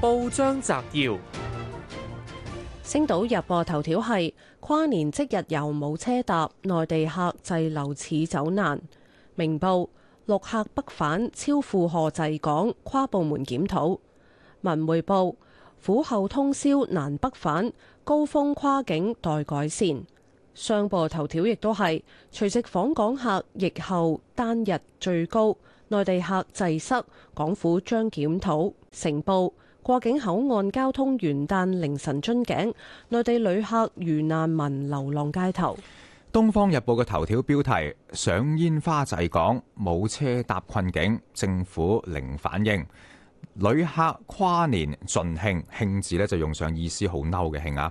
報章摘要：星島日報頭條係跨年，即日又冇車搭，內地客滯留似走難。明報陸客北返超負荷滯港，跨部門檢討。文匯報府後通宵難北返，高峰跨境待改善。商報頭條亦都係除夕訪港客疫後單日最高，內地客滯塞，港府將檢討。成報過境口岸交通元旦凌晨樽頸，內地旅客遇難民流浪街頭。《東方日報》嘅頭條標題：賞煙花滯港，冇車搭困境，政府零反應。旅客跨年盡興，興字呢就用上意思好嬲嘅興啊！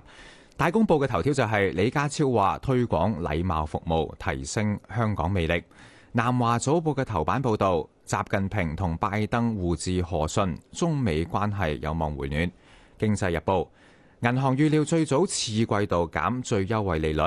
《大公報》嘅頭條就係李家超話推廣禮貌服務，提升香港魅力。南華早報嘅頭版報道。習近平同拜登互致賀信，中美關係有望回暖。經濟日報，銀行預料最早次季度減最優惠利率，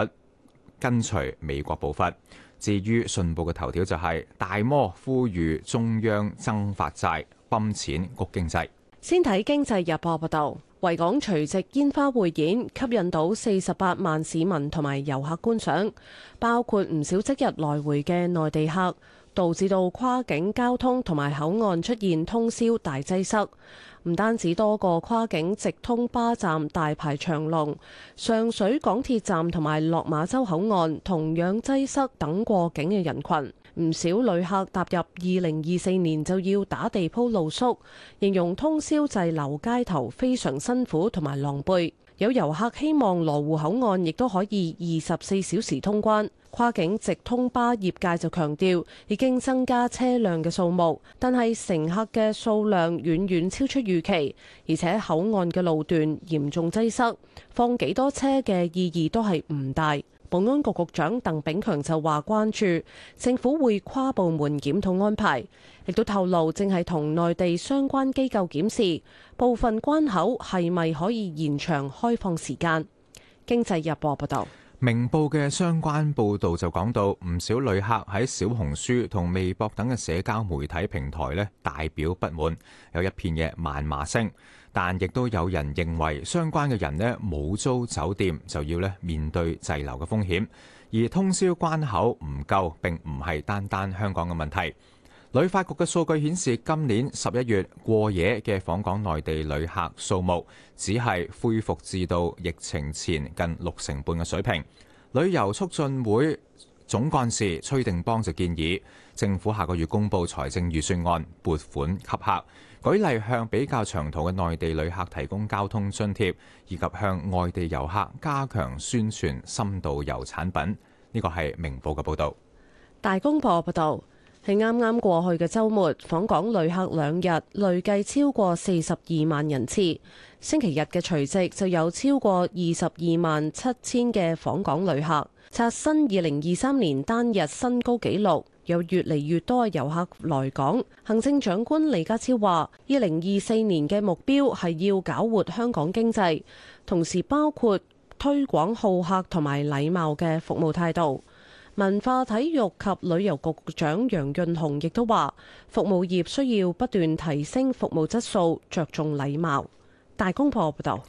跟隨美國步伐。至於信報嘅頭條就係、是、大摩呼籲中央增發債，泵錢谷經濟。先睇經濟日報報道：維港除夕煙花匯演吸引到四十八萬市民同埋遊客觀賞，包括唔少即日來回嘅內地客。導致到跨境交通同埋口岸出現通宵大擠塞，唔單止多個跨境直通巴站大排長龍，上水港鐵站同埋落馬洲口岸同樣擠塞，等過境嘅人群，唔少旅客踏入二零二四年就要打地鋪露宿，形容通宵滯留街頭非常辛苦同埋狼狽。有遊客希望羅湖口岸亦都可以二十四小時通關，跨境直通巴業界就強調已經增加車輛嘅數目，但係乘客嘅數量遠遠超出預期，而且口岸嘅路段嚴重擠塞，放幾多車嘅意義都係唔大。保安局局長鄧炳強就話關注政府會跨部門檢討安排，亦都透露正係同內地相關機構檢視部分關口係咪可以延長開放時間。經濟日報報道。明報嘅相關報導就講到，唔少旅客喺小紅書同微博等嘅社交媒體平台咧，大表不滿，有一片嘅謾罵聲。但亦都有人認為，相關嘅人咧冇租酒店就要咧面對滯留嘅風險，而通宵關口唔夠並唔係單單香港嘅問題。旅發局嘅數據顯示，今年十一月過夜嘅訪港內地旅客數目只係恢復至到疫情前近六成半嘅水平。旅遊促進會總幹事崔定邦就建議，政府下個月公布財政預算案撥款吸客，舉例向比較長途嘅內地旅客提供交通津貼，以及向外地遊客加強宣傳深度遊產品。呢個係明報嘅報導，大公報報道。喺啱啱過去嘅週末，訪港旅客兩日累計超過四十二萬人次。星期日嘅除夕就有超過二十二萬七千嘅訪港旅客，刷新二零二三年單日新高紀錄。有越嚟越多遊客來港。行政長官李家超話：二零二四年嘅目標係要搞活香港經濟，同時包括推廣好客同埋禮貌嘅服務態度。文化、體育及旅遊局局長楊潤雄亦都話：服務業需要不斷提升服務質素，着重禮貌。大公報報道，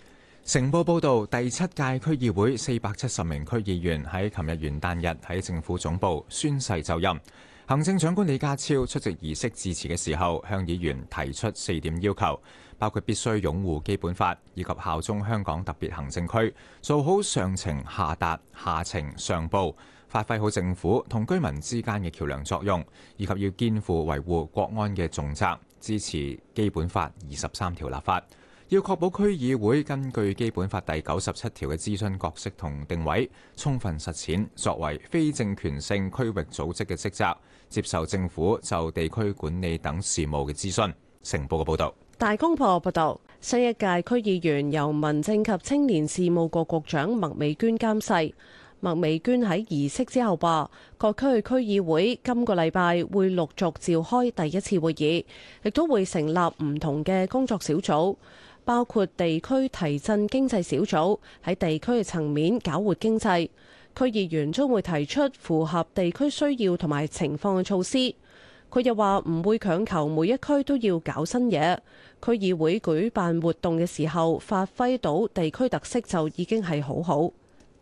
成報報道，第七屆區議會四百七十名區議員喺琴日元旦日喺政府總部宣誓就任。行政長官李家超出席儀式致辭嘅時候，向議員提出四點要求，包括必須擁護基本法，以及效忠香港特別行政區，做好上情下達、下情上報。發揮好政府同居民之間嘅橋梁作用，以及要肩負維護國安嘅重責，支持基本法二十三條立法，要確保區議會根據基本法第九十七條嘅諮詢角色同定位，充分實踐作為非政權性區域組織嘅職責，接受政府就地區管理等事務嘅諮詢。成報嘅報道：「大公報報道，新一屆區議員由民政及青年事務局局局長麥美娟監誓。麥美娟喺儀式之後話，各區嘅區議會今個禮拜會陸續召開第一次會議，亦都會成立唔同嘅工作小組，包括地區提振經濟小組，喺地區嘅層面搞活經濟。區議員將會提出符合地區需要同埋情況嘅措施。佢又話唔會強求每一區都要搞新嘢。區議會舉辦活動嘅時候，發揮到地區特色就已經係好好。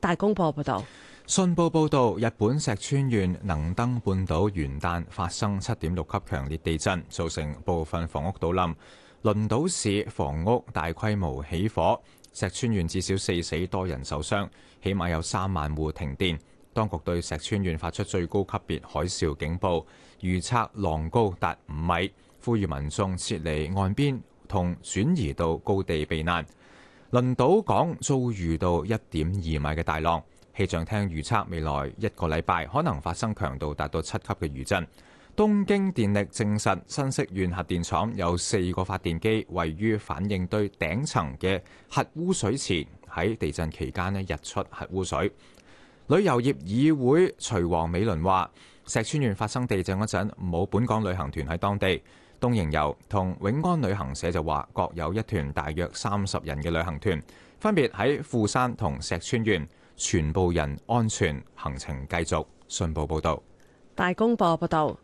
大公報報道。信報報道，日本石川縣能登半島元旦發生七點六級強烈地震，造成部分房屋倒冧，輪島市房屋大規模起火，石川縣至少四死多人受傷，起碼有三萬戶停電。當局對石川縣發出最高級別海嘯警報，預測浪高達五米，呼籲民眾撤離岸邊同轉移到高地避難。輪島港遭遇到一點二米嘅大浪，氣象廳預測未來一個禮拜可能發生強度達到七級嘅餘震。東京電力證實，新潟縣核電廠有四個發電機位於反應堆頂層嘅核污水池，喺地震期間呢日出核污水。旅遊業議會徐王美倫話：石川縣發生地震嗰陣，冇本港旅行團喺當地。東瀛遊同永安旅行社就話，各有一團大約三十人嘅旅行團，分別喺富山同石川縣，全部人安全，行程繼續。信報報道，大公報報道，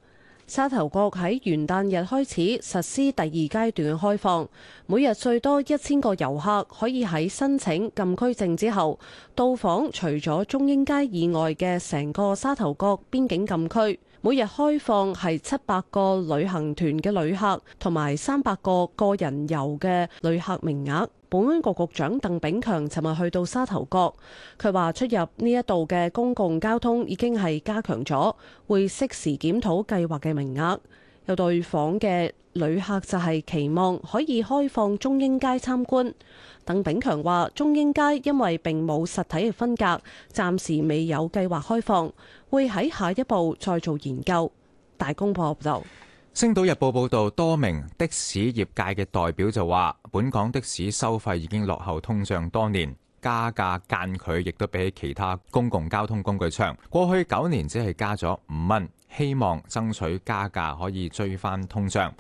沙頭角喺元旦日開始實施第二階段開放，每日最多一千個遊客可以喺申請禁區證之後，到訪除咗中英街以外嘅成個沙頭角邊境禁區。每日開放係七百個旅行團嘅旅客，同埋三百個個人遊嘅旅客名額。保安局局長鄧炳強尋日去到沙頭角，佢話出入呢一度嘅公共交通已經係加強咗，會適時檢討計劃嘅名額。有對訪嘅旅客就係期望可以開放中英街參觀。鄧炳強話：中英街因為並冇實體嘅分隔，暫時未有計劃開放，會喺下一步再做研究。大公報報道，《星島日報》報道，多名的士業界嘅代表就話：本港的士收費已經落後通脹多年，加價間距亦都比其他公共交通工具長。過去九年只係加咗五蚊。希望爭取加價可以追翻通脹。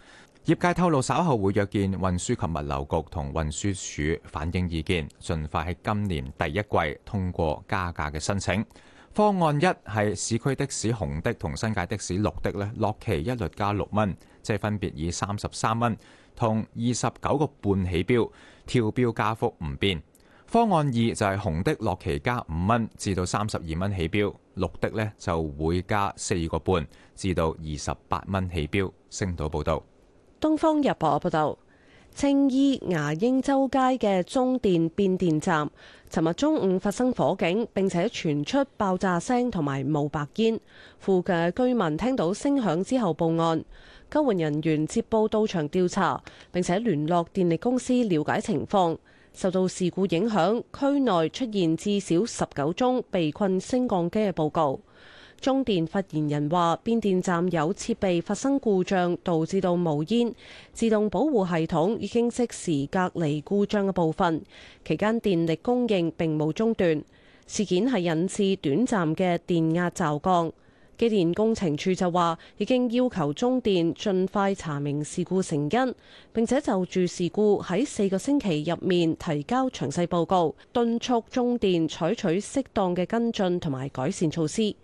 業界透露稍後會約見運輸及物流局同運輸署反映意見，盡快喺今年第一季通過加價嘅申請。方案一係市區的士紅的同新界的士綠的咧，落旗一律加六蚊，即係分別以三十三蚊同二十九個半起標，跳標加幅唔變。方案二就係紅的落旗加五蚊至到三十二蚊起標，綠的呢就會加四個半至到二十八蚊起標。星島報道，東方日報報道，青衣牙鷹洲街嘅中電變電站，尋日中午發生火警，並且傳出爆炸聲同埋冒白煙，附近居民聽到聲響之後報案，救援人員接報到場調查，並且聯絡電力公司了解情況。受到事故影響，區內出現至少十九宗被困升降機嘅報告。中電發言人話，變電站有設備發生故障，導致到冒煙，自動保護系統已經即時隔離故障嘅部分，期間電力供應並冇中斷，事件係引致短暫嘅電壓驟降。機電工程處就話，已經要求中電盡快查明事故成因，並且就住事故喺四個星期入面提交詳細報告，敦促中電採取適當嘅跟進同埋改善措施。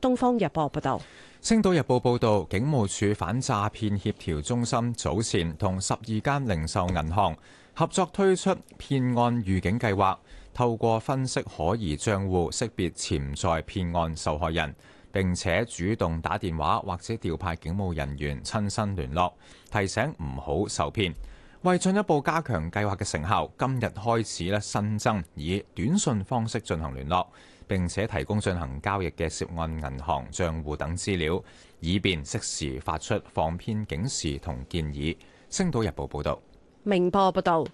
東方日報報道，《星島日報》報道，警務處反詐騙協調中心早前同十二間零售銀行合作推出騙案預警計劃，透過分析可疑賬戶，識別潛在騙案受害人。並且主動打電話或者調派警務人員親身聯絡，提醒唔好受騙。為進一步加強計劃嘅成效，今日開始咧新增以短信方式進行聯絡，並且提供進行交易嘅涉案銀行賬戶等資料，以便即時發出防騙警示同建議。星島日報報道。明報報道。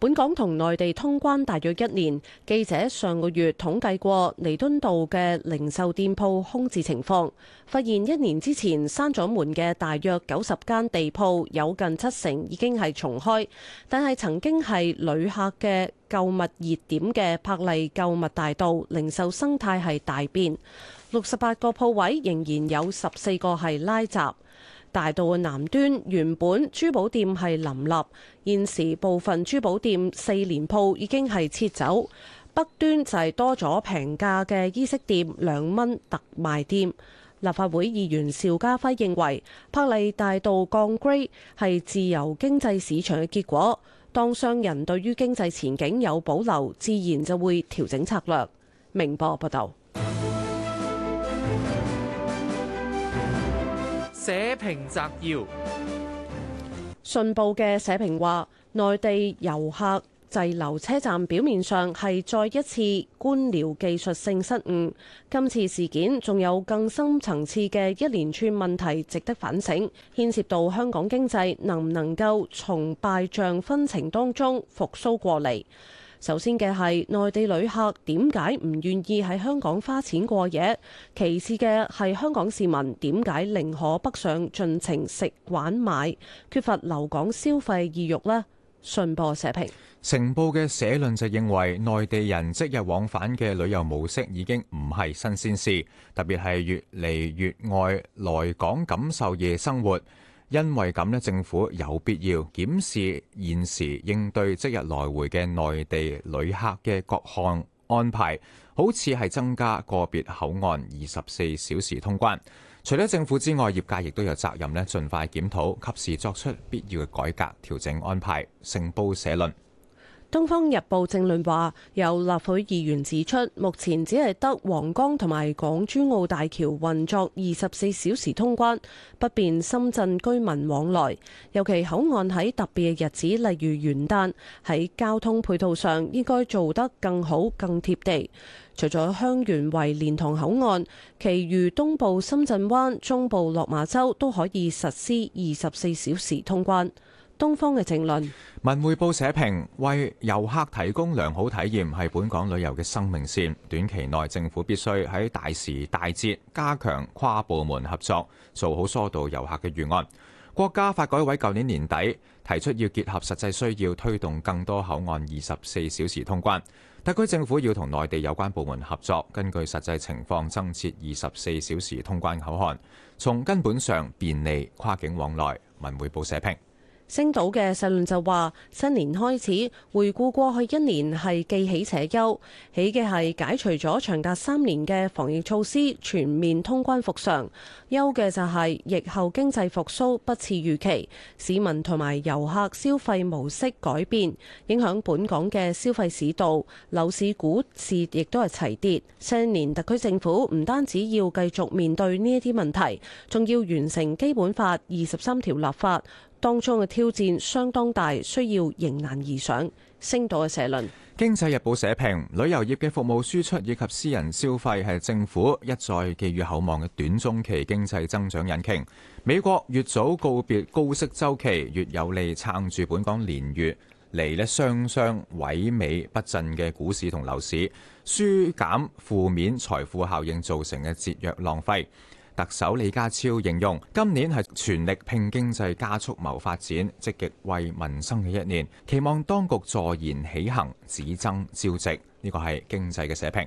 本港同內地通關大約一年，記者上個月統計過彌敦道嘅零售店鋪空置情況，發現一年之前閂咗門嘅大約九十間地鋪，有近七成已經係重開。但係曾經係旅客嘅購物熱點嘅柏麗購物大道，零售生態係大變，六十八個鋪位仍然有十四個係拉閘。大道嘅南端原本珠寶店係林立，現時部分珠寶店四連鋪已經係撤走。北端就係多咗平價嘅衣飾店、兩蚊特賣店。立法會議員邵家輝認為，柏麗大道降 grade 係自由經濟市場嘅結果。當商人對於經濟前景有保留，自然就會調整策略。明報報道。社評摘要，信報嘅社評話，內地遊客滯留車站，表面上係再一次官僚技術性失誤。今次事件仲有更深層次嘅一連串問題值得反省，牽涉到香港經濟能唔能夠從敗仗紛呈當中復甦過嚟。首先嘅係內地旅客點解唔願意喺香港花錢過夜？其次嘅係香港市民點解寧可北上盡情食玩買，缺乏留港消費意欲呢？信報社評。成報嘅社論就認為，內地人即日往返嘅旅遊模式已經唔係新鮮事，特別係越嚟越愛來港感受夜生活。因為咁咧，政府有必要檢視現時應對即日來回嘅內地旅客嘅各項安排，好似係增加個別口岸二十四小時通關。除咗政府之外，業界亦都有責任咧，盡快檢討，及時作出必要嘅改革調整安排。成報社論。《東方日報》正論話，有立法議員指出，目前只係得皇崗同埋港珠澳大橋運作二十四小時通關，不便深圳居民往來。尤其口岸喺特別嘅日子，例如元旦，喺交通配套上應該做得更好、更貼地。除咗香園圍蓮塘口岸，其餘東部深圳灣、中部落馬洲都可以實施二十四小時通關。東方嘅政論，《文匯報》社評：為遊客提供良好體驗係本港旅遊嘅生命線。短期內，政府必須喺大時大節加強跨部門合作，做好疏導遊客嘅預案。國家發改委舊年年底提出要結合實際需要推動更多口岸二十四小時通關。特區政府要同內地有關部門合作，根據實際情況增設二十四小時通關口岸，從根本上便利跨境往來。《文匯報》社評。星島嘅社論就話：新年開始回顧過去一年，係既喜且憂。喜嘅係解除咗長達三年嘅防疫措施，全面通關復常，憂嘅就係疫後經濟復蘇不似預期，市民同埋遊客消費模式改變，影響本港嘅消費市道，樓市、股市亦都係齊跌。新年特區政府唔單止要繼續面對呢一啲問題，仲要完成《基本法》二十三條立法。當中嘅挑戰相當大，需要迎難而上，星島嘅社論。經濟日報社評：旅遊業嘅服務輸出以及私人消費係政府一再寄予厚望嘅短中期經濟增長引擎。美國越早告別高息周期，越有利撐住本港連月嚟呢雙雙萎靡不振嘅股市同樓市，輸減負面財富效應造成嘅節約浪費。特首李家超形容今年係全力拼經濟加速謀發展，積極為民生嘅一年，期望當局坐言起行，只爭朝夕，呢個係經濟嘅社評。